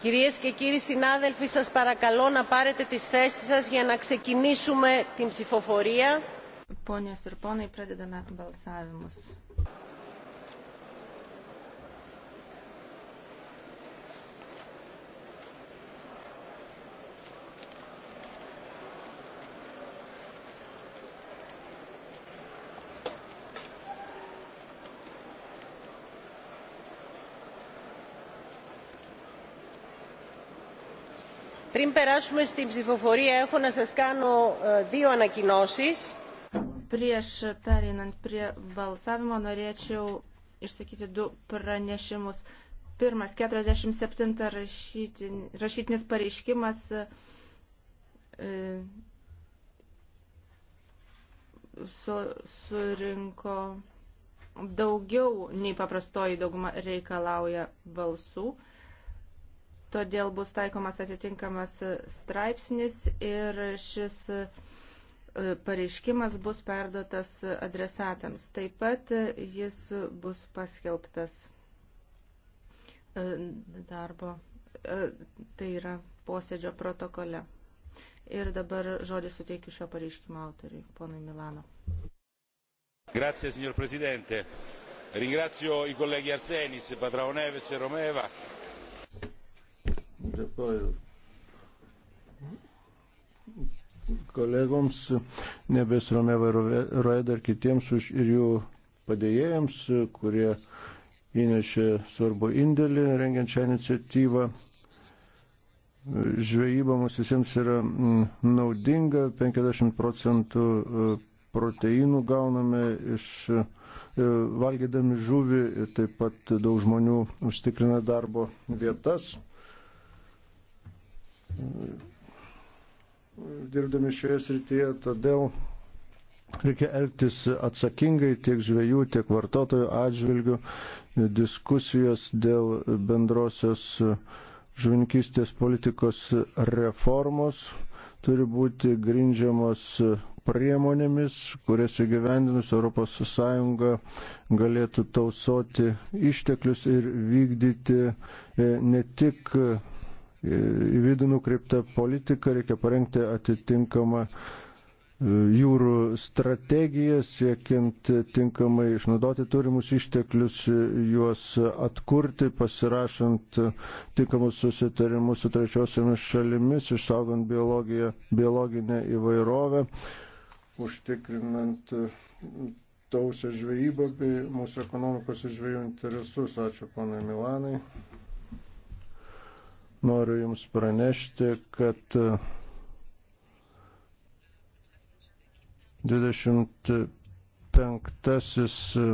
Κυρίες και κύριοι συνάδελφοι, σας παρακαλώ να πάρετε τις θέσεις σας για να ξεκινήσουμε την ψηφοφορία. Ponios ir ponai, pradedame balsavimus. Πριν περάσουμε στην ψηφοφορία, έχω να σας κάνω δύο ανακοινώσεις. Prieš pereinant prie balsavimo norėčiau išsakyti du pranešimus. Pirmas, 47 rašytin, rašytinis pareiškimas e, su, surinko daugiau nei paprastoji dauguma reikalauja balsų. E, todėl bus taikomas atitinkamas straipsnis ir šis e, pareiškimas bus perduotas adresatams. Taip pat jis bus paskelbtas e, darbo, e, tai yra posėdžio protokole. Ir dabar žodį suteikiu šio pareiškimo autoriui, ponui Milano. Grazie, signor Presidente. Ringrazio i colleghi Arsenis, Patraoneves e Romeva Dėkuoju kolegoms, nebesrome Vairoeda ir kitiems už ir jų padėjėjams, kurie įnešė svarbu indėlį rengiant šią iniciatyvą. Žvejyba mums visiems yra mm, naudinga, 50 procentų e, proteinų gauname iš e, valgydami žuvį, taip pat daug žmonių užtikrina darbo vietas dirbdami šioje srityje, todėl reikia elgtis atsakingai tiek žvėjų, tiek vartotojų atžvilgių. Diskusijos dėl bendrosios žvinkystės politikos reformos turi būti grindžiamos priemonėmis, kurias įgyvendinus ES galėtų tausoti išteklius ir vykdyti e, ne tik į vidų nukreiptą politiką, reikia parengti atitinkamą e, jūrų strategiją, siekiant tinkamai išnaudoti turimus išteklius, e, juos atkurti, pasirašant tinkamus susitarimus su trečiosiamis šalimis, išsaugant biologinę įvairovę, užtikrinant tausią žvejybą bei mūsų ekonomikos ir žvejų interesus. Ačiū ponai Milanai. Noriu Jums pranešti, kad 25 e,